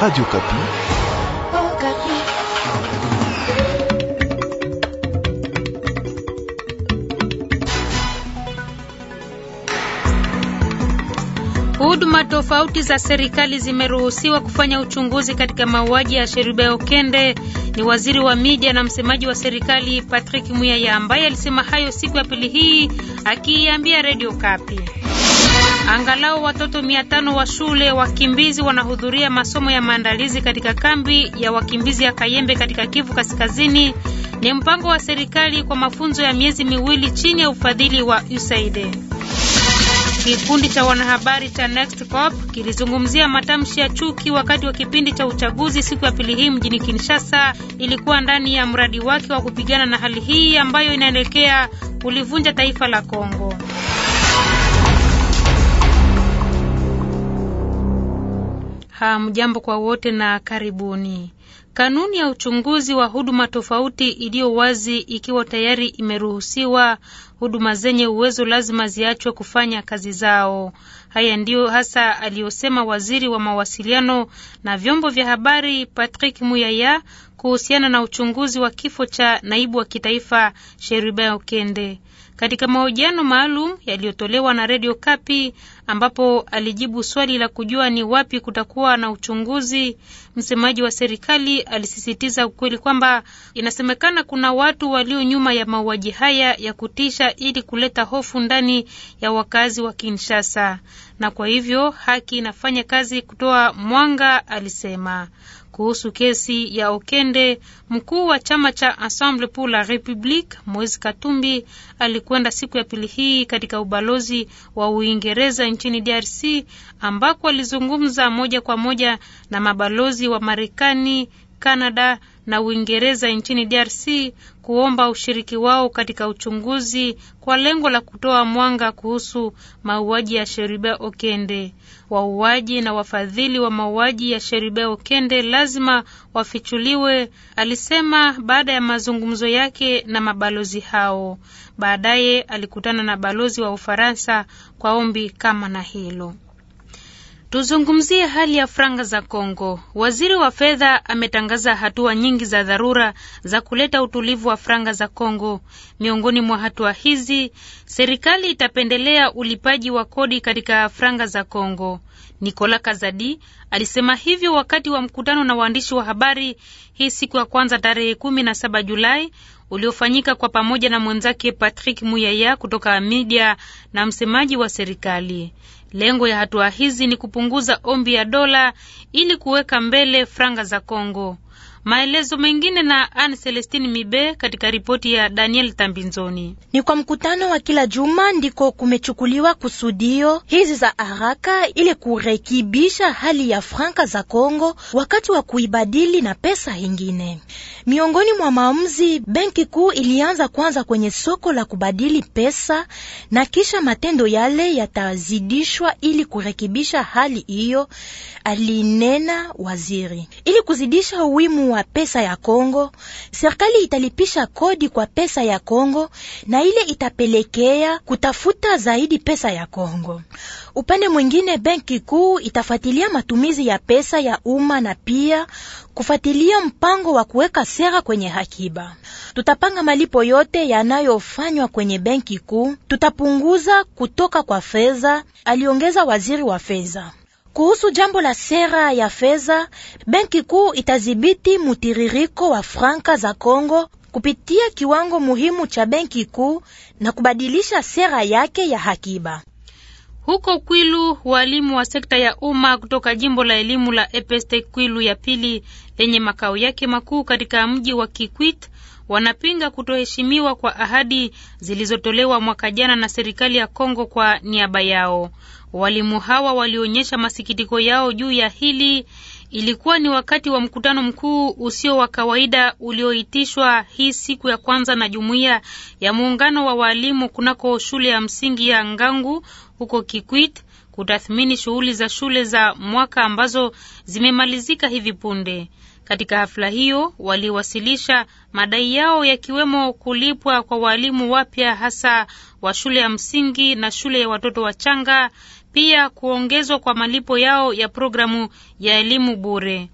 Radio Kapi. Oh, Kapi. Huduma tofauti za serikali zimeruhusiwa kufanya uchunguzi katika mauaji ya Sherubeo Okende. Ni waziri wa media na msemaji wa serikali Patrick Muyaya ambaye alisema hayo siku ya pili hii akiiambia Radio Kapi. Angalau watoto mia tano wa shule wakimbizi wanahudhuria masomo ya maandalizi katika kambi ya wakimbizi ya Kayembe katika Kivu Kaskazini. Ni mpango wa serikali kwa mafunzo ya miezi miwili chini ya ufadhili wa USAID. Kikundi cha wanahabari cha Next Cop kilizungumzia matamshi ya chuki wakati wa kipindi cha uchaguzi siku ya pili hii mjini Kinshasa. Ilikuwa ndani ya mradi wake wa kupigana na hali hii ambayo inaelekea kulivunja taifa la Kongo. Hamjambo kwa wote na karibuni. Kanuni ya uchunguzi wa huduma tofauti iliyo wazi ikiwa tayari imeruhusiwa, huduma zenye uwezo lazima ziachwe kufanya kazi zao. Haya ndiyo hasa aliyosema waziri wa mawasiliano na vyombo vya habari Patrick Muyaya kuhusiana na uchunguzi wa kifo cha naibu wa kitaifa Sherubin Okende katika mahojiano maalum yaliyotolewa na redio Kapi ambapo alijibu swali la kujua ni wapi kutakuwa na uchunguzi, msemaji wa serikali alisisitiza ukweli kwamba inasemekana kuna watu walio nyuma ya mauaji haya ya kutisha ili kuleta hofu ndani ya wakazi wa Kinshasa, na kwa hivyo haki inafanya kazi kutoa mwanga, alisema kuhusu kesi ya Okende, mkuu wa chama cha Ensemble pour la Republique Moise Katumbi alikwenda siku ya pili hii katika ubalozi wa Uingereza nchini DRC ambako alizungumza moja kwa moja na mabalozi wa Marekani Kanada na Uingereza nchini DRC kuomba ushiriki wao katika uchunguzi kwa lengo la kutoa mwanga kuhusu mauaji ya Sheribe Okende. Wauaji na wafadhili wa mauaji ya Sheribe Okende lazima wafichuliwe, alisema baada ya mazungumzo yake na mabalozi hao. Baadaye alikutana na balozi wa Ufaransa kwa ombi kama na hilo. Tuzungumzie hali ya franga za Kongo. Waziri wa fedha ametangaza hatua nyingi za dharura za kuleta utulivu wa franga za Kongo. Miongoni mwa hatua hizi, serikali itapendelea ulipaji wa kodi katika franga za Kongo. Nikola Kazadi alisema hivyo wakati wa mkutano na waandishi wa habari hii siku ya kwanza tarehe 17 Julai uliofanyika kwa pamoja na mwenzake Patrick Muyaya kutoka Media na msemaji wa serikali. Lengo ya hatua hizi ni kupunguza ombi ya dola ili kuweka mbele franga za Kongo. Maelezo mengine na Anne Celestine Mibe katika ripoti ya Daniel Tambinzoni. Ni kwa mkutano wa kila juma ndiko kumechukuliwa kusudio hizi za haraka ili kurekebisha hali ya franka za Kongo wakati wa kuibadili na pesa ingine. Miongoni mwa maamuzi, benki kuu ilianza kwanza kwenye soko la kubadili pesa na kisha matendo yale yatazidishwa ili kurekebisha hali hiyo, alinena waziri. Ili kuzidisha uwimu wa pesa ya Kongo, serikali italipisha kodi kwa pesa ya Kongo na ile itapelekea kutafuta zaidi pesa ya Kongo. Upande mwingine, benki kuu itafuatilia matumizi ya pesa ya umma na pia kufuatilia mpango wa kuweka sera kwenye hakiba Tutapanga malipo yote yanayofanywa kwenye benki kuu, tutapunguza kutoka kwa fedha, aliongeza waziri wa fedha. Kuhusu jambo la sera ya fedha, benki kuu itadhibiti mtiririko wa franka za Kongo kupitia kiwango muhimu cha benki kuu na kubadilisha sera yake ya hakiba. Huko Kwilu, walimu wa sekta ya umma kutoka jimbo la elimu la EPST Kwilu ya pili lenye makao yake makuu katika mji wa Kikwit wanapinga kutoheshimiwa kwa ahadi zilizotolewa mwaka jana na serikali ya Kongo kwa niaba yao. Walimu hawa walionyesha masikitiko yao juu ya hili. Ilikuwa ni wakati wa mkutano mkuu usio wa kawaida ulioitishwa hii siku ya kwanza na jumuiya ya muungano wa walimu kunako shule ya msingi ya Ngangu huko Kikwit kutathmini shughuli za shule za mwaka ambazo zimemalizika hivi punde. Katika hafla hiyo waliwasilisha madai yao yakiwemo kulipwa kwa walimu wapya hasa wa shule ya msingi na shule ya watoto wachanga, pia kuongezwa kwa malipo yao ya programu ya elimu bure.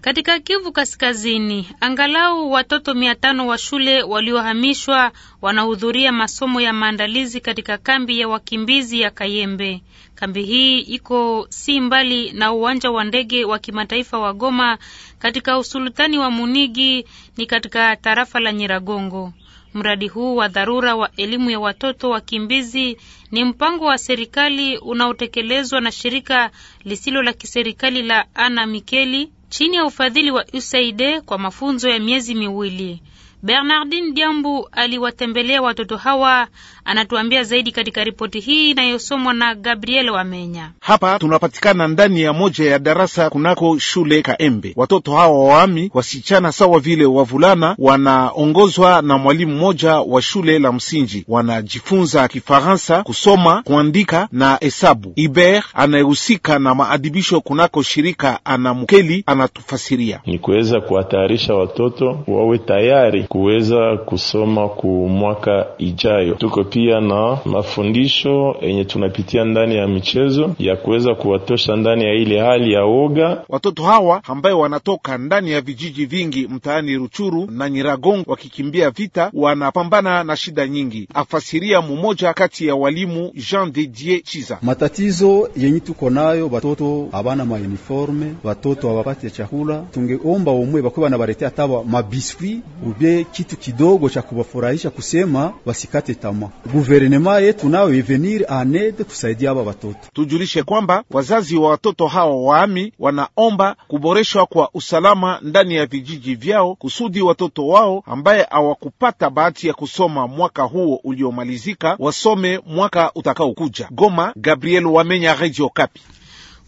Katika Kivu Kaskazini, angalau watoto mia tano wa shule waliohamishwa wanahudhuria masomo ya maandalizi katika kambi ya wakimbizi ya Kayembe. Kambi hii iko si mbali na uwanja wa ndege wa kimataifa wa Goma katika usultani wa Munigi, ni katika tarafa la Nyiragongo. Mradi huu wa dharura wa elimu ya watoto wakimbizi ni mpango wa serikali unaotekelezwa na shirika lisilo la kiserikali la Ana Mikeli chini ya ufadhili wa USAID kwa mafunzo ya miezi miwili. Bernardin Diambu aliwatembelea watoto hawa, anatuambia zaidi katika ripoti hii inayosomwa na Gabriel Wamenya. Hapa tunapatikana ndani ya moja ya darasa kunako shule Kaembe. Watoto hawa waami wasichana sawa vile wavulana wanaongozwa na mwalimu mmoja wa shule la msingi, wanajifunza Kifaransa, kusoma, kuandika na hesabu. Iber anayehusika na maadibisho kunako shirika Anamkeli anatufasiria: ni kuweza kuwatayarisha watoto wawe tayari kuweza kusoma ku mwaka ijayo. Tuko pia na mafundisho yenye tunapitia ndani ya michezo ya kuweza kuwatosha ndani ya ile hali ya woga watoto hawa ambayo wanatoka ndani ya vijiji vingi mtaani Ruchuru na Nyiragongo wakikimbia vita, wanapambana na shida nyingi. Afasiria mumoja kati ya walimu Jean Didier Chiza: matatizo yenye tuko nayo, watoto habana mauniforme, watoto hawapati chakula. Tungeomba umwe bakuwa na baretea atawa mabiswi ubye kitu kidogo cha kubafurahisha kusema wasikate tama. Guverinema yetu nayo ivenir aned kusaidia aba watoto. Tujulishe kwamba wazazi wa watoto hawa waami wanaomba kuboreshwa kwa usalama ndani ya vijiji vyao kusudi watoto wao ambaye hawakupata bahati ya kusoma mwaka huo uliomalizika wasome mwaka utakaokuja. Goma, Gabriel Wamenya, Radio Kapi.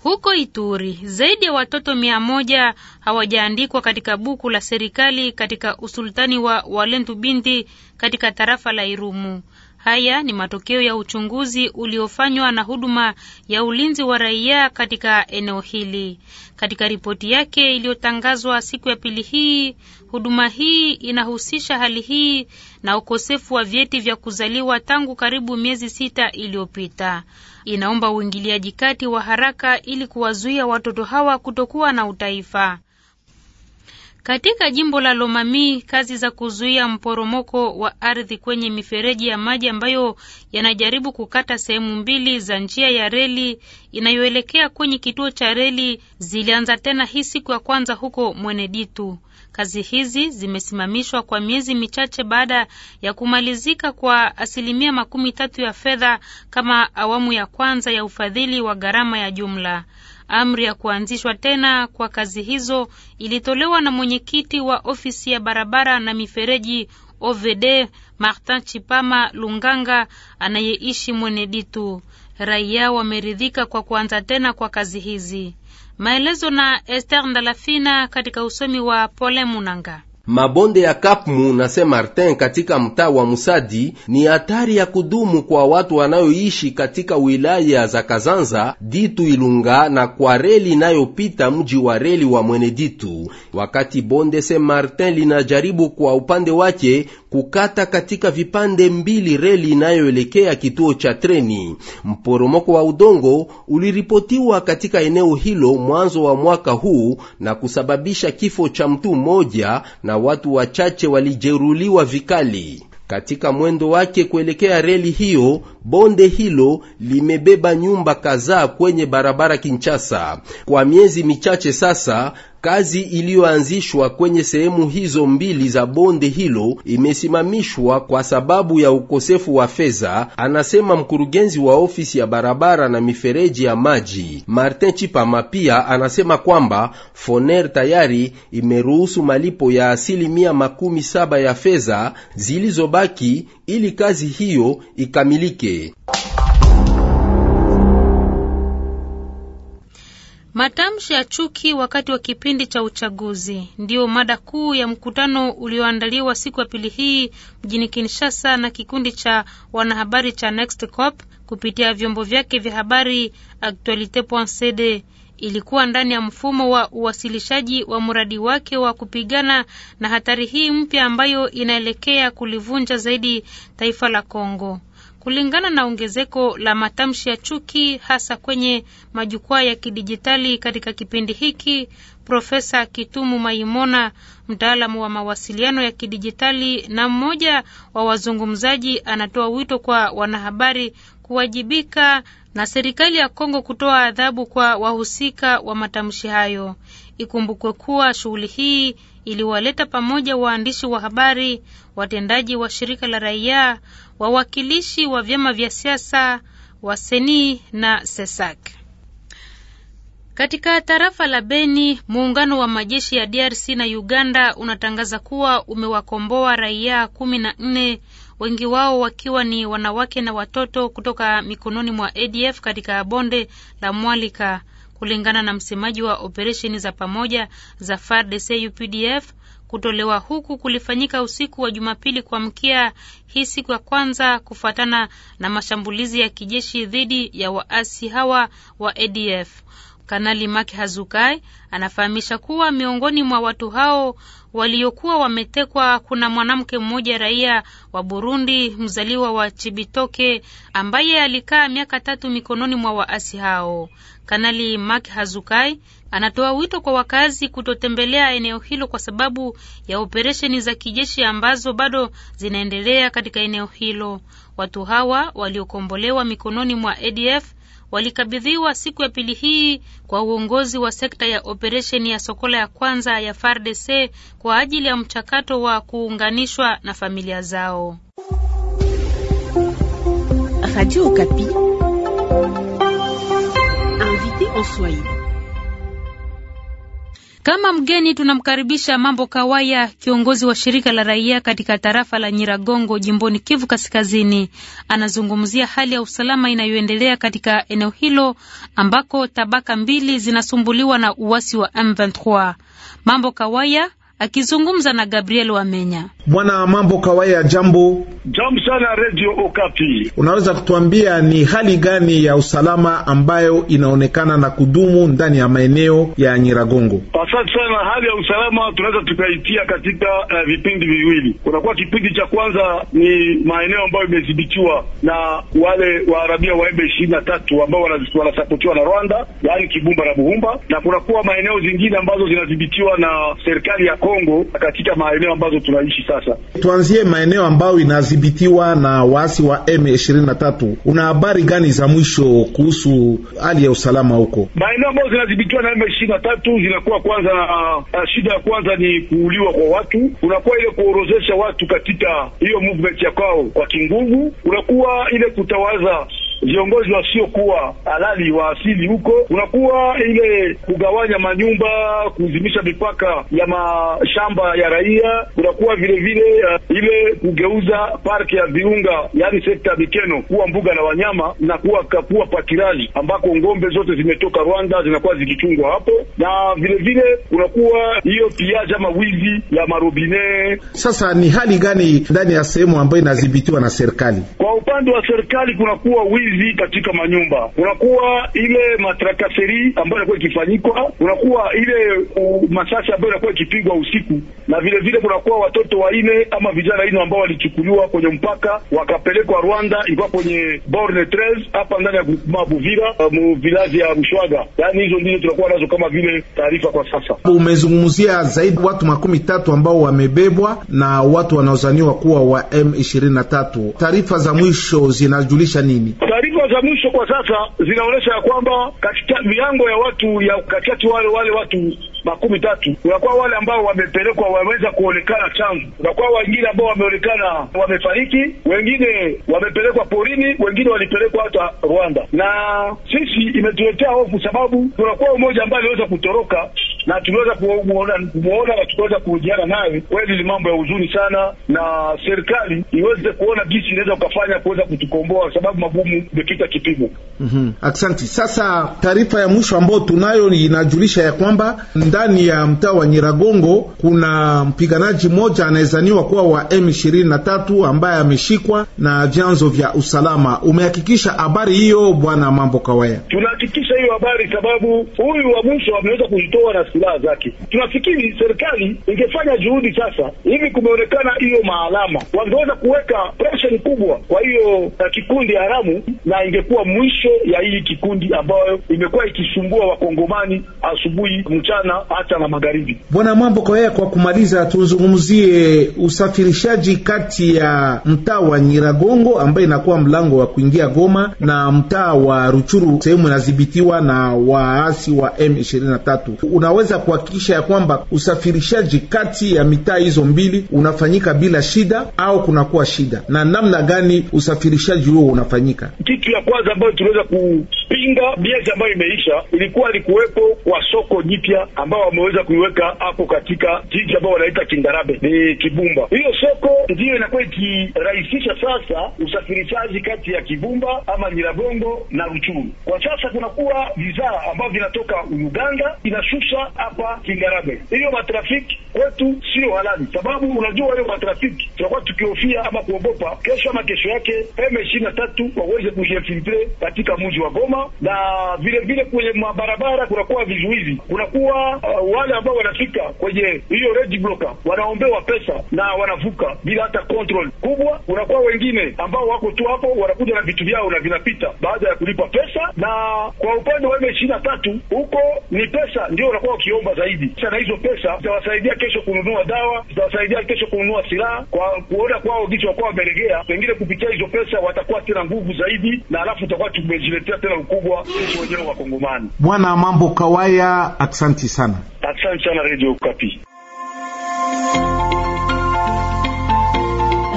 Huko Ituri zaidi ya watoto mia moja hawajaandikwa katika buku la serikali katika usultani wa Walendu Bindi katika tarafa la Irumu. Haya ni matokeo ya uchunguzi uliofanywa na huduma ya ulinzi wa raia katika eneo hili. Katika ripoti yake iliyotangazwa siku ya pili hii, huduma hii inahusisha hali hii na ukosefu wa vyeti vya kuzaliwa tangu karibu miezi sita iliyopita inaomba uingiliaji kati wa haraka ili kuwazuia watoto hawa kutokuwa na utaifa. Katika jimbo la Lomami, kazi za kuzuia mporomoko wa ardhi kwenye mifereji ya maji ambayo yanajaribu kukata sehemu mbili za njia ya reli inayoelekea kwenye kituo cha reli zilianza tena hii siku ya kwanza huko Mweneditu. Kazi hizi zimesimamishwa kwa miezi michache baada ya kumalizika kwa asilimia makumi tatu ya fedha kama awamu ya kwanza ya ufadhili wa gharama ya jumla. Amri ya kuanzishwa tena kwa kazi hizo ilitolewa na mwenyekiti wa ofisi ya barabara na mifereji OVD Martin Chipama Lunganga anayeishi Mweneditu. Raia wameridhika kwa kuanza tena kwa kazi hizi. Maelezo na Esther Ndalafina katika usomi wa Pole Munanga. Mabonde ya Kapmu na Saint Martin katika mtaa wa Musadi ni hatari ya kudumu kwa watu wanayoishi katika wilaya za Kazanza, Ditu, Ilunga na kwa reli inayopita mji wa reli wa Mweneditu. Wakati bonde Saint Martin linajaribu kwa upande wake kukata katika vipande mbili reli inayoelekea kituo cha treni, mporomoko wa udongo uliripotiwa katika eneo hilo mwanzo wa mwaka huu na kusababisha kifo cha mtu mmoja na watu wachache walijeruliwa vikali. Katika mwendo wake kuelekea reli hiyo, bonde hilo limebeba nyumba kadhaa kwenye barabara Kinshasa. Kwa miezi michache sasa, Kazi iliyoanzishwa kwenye sehemu hizo mbili za bonde hilo imesimamishwa kwa sababu ya ukosefu wa fedha, anasema mkurugenzi wa ofisi ya barabara na mifereji ya maji. Martin Chipama pia anasema kwamba Foner tayari imeruhusu malipo ya asilimia makumi saba ya fedha zilizobaki ili kazi hiyo ikamilike. Matamshi ya chuki wakati wa kipindi cha uchaguzi ndiyo mada kuu ya mkutano ulioandaliwa siku ya pili hii mjini Kinshasa na kikundi cha wanahabari cha Next Cop kupitia vyombo vyake vya habari Actualite.cd. Ilikuwa ndani ya mfumo wa uwasilishaji wa mradi wake wa kupigana na hatari hii mpya ambayo inaelekea kulivunja zaidi taifa la Kongo kulingana na ongezeko la matamshi ya chuki hasa kwenye majukwaa ya kidijitali katika kipindi hiki. Profesa Kitumu Maimona, mtaalamu wa mawasiliano ya kidijitali na mmoja wa wazungumzaji, anatoa wito kwa wanahabari kuwajibika na serikali ya Kongo kutoa adhabu kwa wahusika wa matamshi hayo. Ikumbukwe kuwa shughuli hii iliwaleta pamoja waandishi wa habari, watendaji wa shirika la raia, wawakilishi wa vyama vya siasa, waseni na Sesak. Katika tarafa la Beni, muungano wa majeshi ya DRC na Uganda unatangaza kuwa umewakomboa raia kumi na nne, wengi wao wakiwa ni wanawake na watoto kutoka mikononi mwa ADF katika bonde la Mwalika kulingana na msemaji wa operesheni za pamoja za FARDC UPDF. Kutolewa huku kulifanyika usiku wa Jumapili kuamkia hii siku ya kwanza kufuatana na mashambulizi ya kijeshi dhidi ya waasi hawa wa ADF. Kanali Mak Hazukai anafahamisha kuwa miongoni mwa watu hao waliokuwa wametekwa kuna mwanamke mmoja raia wa Burundi mzaliwa wa Chibitoke ambaye alikaa miaka tatu mikononi mwa waasi hao. Kanali Mak Hazukai anatoa wito kwa wakazi kutotembelea eneo hilo kwa sababu ya operesheni za kijeshi ambazo bado zinaendelea katika eneo hilo. Watu hawa waliokombolewa mikononi mwa ADF walikabidhiwa siku ya pili hii kwa uongozi wa sekta ya operesheni ya Sokola ya kwanza ya FARDC kwa ajili ya mchakato wa kuunganishwa na familia zao. Radio Okapi. Kama mgeni tunamkaribisha Mambo Kawaya, kiongozi wa shirika la raia katika tarafa la Nyiragongo jimboni Kivu Kaskazini. Anazungumzia hali ya usalama inayoendelea katika eneo hilo ambako tabaka mbili zinasumbuliwa na uasi wa M23. Mambo Kawaya akizungumza na Gabriel Wamenya. Bwana Mambo Kawaya, jambo jambo sana Radio Okapi. Unaweza kutuambia ni hali gani ya usalama ambayo inaonekana na kudumu ndani ya maeneo ya Nyiragongo? Asante sana. Hali ya usalama tunaweza tukaitia katika uh, vipindi viwili. Kunakuwa kipindi cha kwanza ni maeneo ambayo imedhibitiwa na wale Waarabia wa ebe ishirini na tatu ambao wanasapotiwa na Rwanda, yaani Kibumba na Buhumba, na kunakuwa maeneo zingine ambazo zinadhibitiwa na serikali ya Kongo Kongo katika maeneo ambazo tunaishi sasa. Tuanzie maeneo ambayo inadhibitiwa na waasi wa M23, una habari gani za mwisho kuhusu hali ya usalama huko? Maeneo ambayo zinadhibitiwa na M23 zinakuwa kwanza, uh, shida ya kwanza ni kuuliwa kwa watu, unakuwa ile kuorozesha watu katika hiyo movement ya kwao kwa kinguvu, unakuwa ile kutawaza viongozi wasiokuwa halali wa asili huko, kunakuwa ile kugawanya manyumba, kuzimisha mipaka ya mashamba ya raia, kunakuwa vilevile uh, ile kugeuza parki ya viunga, yaani sekta ya Bikeno kuwa mbuga la wanyama na kuwa kapua pakiraji ambako ngombe zote zimetoka Rwanda zinakuwa zikichungwa hapo, na vilevile kunakuwa hiyo piaja mawizi ya marobine. Sasa ni hali gani ndani ya sehemu ambayo inadhibitiwa na serikali? Kwa upande wa serikali kunakuwa wizi wizi katika manyumba, kunakuwa ile matrakaseri ambayo inakuwa ikifanyikwa, kunakuwa ile masasi ambayo inakuwa ikipigwa usiku, na vile vile kunakuwa watoto waine ama vijana ine ambao walichukuliwa kwenye mpaka wakapelekwa Rwanda, ilikuwa kwenye borne 13 hapa ndani ya groupement Buvira eh, mu village ya Mshwaga. Yaani hizo ndizo tunakuwa nazo kama vile taarifa kwa sasa. Umezungumzia zaidi watu makumi tatu ambao wamebebwa na watu wanaozaniwa kuwa wa M23. Taarifa za mwisho zinajulisha nini? za mwisho kwa sasa zinaonyesha ya kwamba katika miango ya watu ya katikati wale wale watu makumi tatu, unakuwa wale ambao wamepelekwa wameweza kuonekana chanzo, unakuwa wengine ambao wameonekana wamefariki, wengine wamepelekwa porini, wengine walipelekwa hata Rwanda. Na sisi imetuletea hofu, sababu tunakuwa umoja ambao aliweza kutoroka na tuliweza kumwona na tukaweza kuhojiana naye. Kweli ni mambo ya huzuni sana, na serikali iweze kuona jinsi inaweza ukafanya kuweza kutukomboa, sababu magumu imepita kipimo. mm -hmm. Sasa taarifa ya mwisho ambayo tunayo inajulisha ya kwamba ndani ya mtaa wa Nyiragongo kuna mpiganaji mmoja anaezaniwa kuwa wa M23 ambaye ameshikwa na vyanzo vya usalama. Umehakikisha habari hiyo, bwana Mambo Kawaya? Tunahakikisha hiyo habari, sababu huyu wa mwisho ameweza kujitoa na silaha zake. Tunafikiri serikali ingefanya juhudi sasa hivi, kumeonekana hiyo maalama, wangeweza kuweka pressure kubwa kwa hiyo eh, kikundi haramu, na ingekuwa mwisho ya hii kikundi ambayo imekuwa ikisumbua wakongomani asubuhi mchana hata na magharibi. Bwana Mambo Koya, kwa kumaliza, tuzungumzie usafirishaji kati ya mtaa wa Nyiragongo ambaye inakuwa mlango wa kuingia Goma na mtaa wa Ruchuru, sehemu inadhibitiwa na waasi wa M23. Unaweza kuhakikisha ya kwamba usafirishaji kati ya mitaa hizo mbili unafanyika bila shida au kunakuwa shida, na namna gani usafirishaji huo unafanyika? Kitu ya kwanza ambayo tunaweza ku kupinga miezi ambayo imeisha, ilikuwa likuwepo kwa soko jipya ambao wameweza kuiweka hapo katika jiji ambao wanaita kingarabe ni Kibumba. Hiyo soko ndiyo inakuwa ikirahisisha sasa usafirishaji kati ya Kibumba ama Nyiragongo na Ruchuru. Kwa sasa kunakuwa bidhaa ambayo vinatoka Uganda inashusha hapa kingarabe Hiyo matrafiki kwetu sio halali, sababu unajua hiyo matrafiki tunakuwa tukihofia ama kuogopa kesho ama kesho yake M 23 na tatu waweze kujinfiltre katika mji wa Goma na vile vile kwenye mabarabara kunakuwa vizuizi, kunakuwa uh, wale ambao wanafika kwenye hiyo red blocker wanaombewa pesa na wanavuka bila hata control kubwa. Kunakuwa wengine ambao wako tu hapo wanakuja na vitu vyao na vinapita baada ya kulipa pesa. Na kwa upande wa ishirini na tatu huko ni pesa ndio wanakuwa wakiomba zaidi na Hizo pesa zitawasaidia kesho kununua dawa, zitawasaidia kesho kununua silaha. Kwa kuona kwao gisi wakuwa wamelegea, pengine kupitia hizo pesa watakuwa tena nguvu zaidi, na alafu tutakuwa tumejiletea tena mkubwa sisi wenyewe wa Kongomani. Bwana Mambo Kawaya, asanti sana, asanti sana Radio Kapi.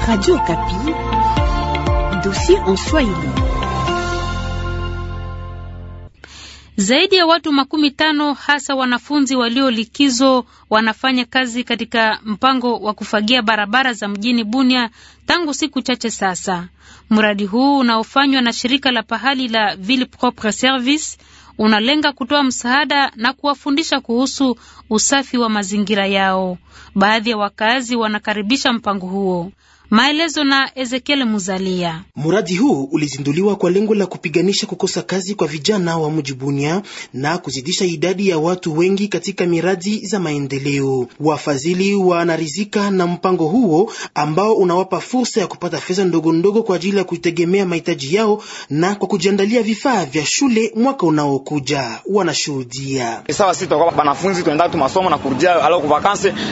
Radio Kapi, dossier en Swahili. Zaidi ya watu makumi tano hasa wanafunzi waliolikizo wanafanya kazi katika mpango wa kufagia barabara za mjini Bunia tangu siku chache sasa. Mradi huu unaofanywa na shirika la pahali la Ville Propre Service unalenga kutoa msaada na kuwafundisha kuhusu usafi wa mazingira yao. Baadhi ya wakazi wanakaribisha mpango huo. Maelezo na Ezekiel Muzalia. Mradi huu ulizinduliwa kwa lengo la kupiganisha kukosa kazi kwa vijana wa mji Bunia na kuzidisha idadi ya watu wengi katika miradi za maendeleo. Wafadhili wanarizika na mpango huo ambao unawapa fursa ya kupata fedha ndogo ndogo kwa ajili ya kutegemea mahitaji yao na kwa kujiandalia vifaa vya shule mwaka unaokuja. Wanashuhudia sawa, sisi tutakuwa wanafunzi tunaenda tu masomo na kurudia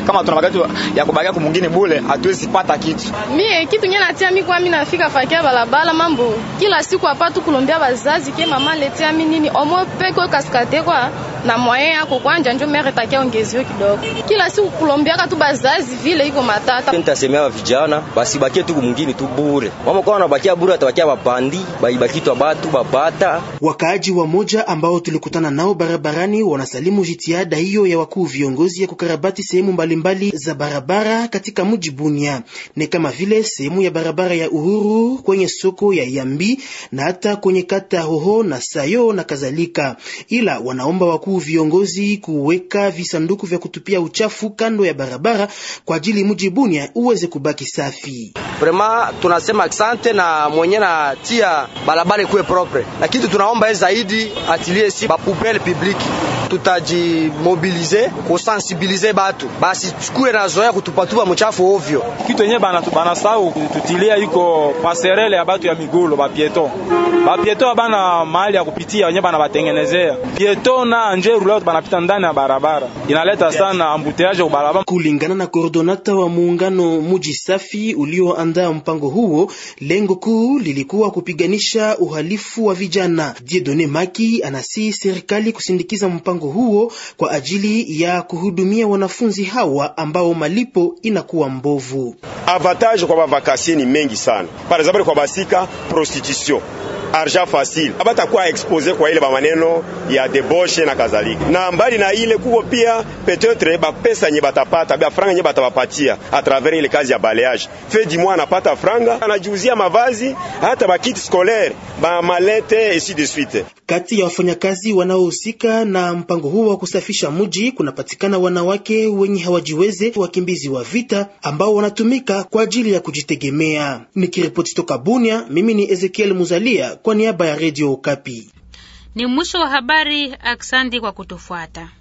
kama tuna magari ya kubakia kumwingine bule, hatuwezi pata kitu Mie kitu nye natia mi kwa mi nafika fakia balabala mambo. Kila siku hapa tu kulombia bazazi ke mama letia mi nini omo peko kaskate kwa na moyen yako kwanja njo mere takia ongezio kidogo. Kila siku kulombia katu bazazi vile hiko matata. Nitasemea vijana basi bakia tu kumngini tu bure. Mama kwa wanabakia bure atabakia babandi, baibaki tu batu babata. Wakaaji wa moja ambao tulikutana nao barabarani wanasalimu jitihada hiyo ya wakuu viongozi ya kukarabati sehemu mbalimbali za barabara katika mji Bunia. Ni kama vile sehemu ya barabara ya Uhuru kwenye soko ya Yambi na hata kwenye kata Hoho na Sayo na kadhalika, ila wanaomba wakuu viongozi kuweka visanduku vya kutupia uchafu kando ya barabara kwa ajili mji Bunia uweze kubaki safi. Prema tunasema asante na mwenye na tia barabara kuwe propre, lakini tunaomba zaidi atilie si bapupele publiki tutajimobilize kusensibilize batu basi chukue na zoea kutupatupa mchafu ovyo kitu yenye bana banasahau tutilia iko paserele ya batu ya migulu bapieto bapieto abana mali ya kupitia wenyewe batengenezea pieto na njeru leo banapita ndani ya barabara inaleta sana ambuteaje kubarabara. Kulingana na koordonata wa muungano muji safi ulioandaa mpango huo, lengo kuu lilikuwa kupiganisha uhalifu wa vijana. Diedone Maki anasi serikali kusindikiza mpango huo kwa ajili ya kuhudumia wanafunzi hawa ambao malipo inakuwa mbovu Avatar avantage kwa bavakasie ni mengi sana. Par exemple kwa basika prostitution argent facile abatakuwa expose kwa ile bamaneno ya deboshe na kadhalika. Na mbali na ile kuko pia peut-etre bapesa nye batapata bafranga nye batabapatia a travers ile kazi ya balayage fe di mwa anapata franga anajiuzia mavazi hata bakiti scolaire bamalete et si de suite. Kati ya wafanyakazi wanaohusika na mpango huo wa kusafisha mji kunapatikana wanawake wenye hawajiweze, wakimbizi wa vita ambao wanatumika kwa ajili ya kujitegemea. Nikiripoti toka Bunia, mimi ni Ezekiel Muzalia kwa niaba ya redio Okapi. Ni mwisho wa habari. Aksandi kwa kutufuata.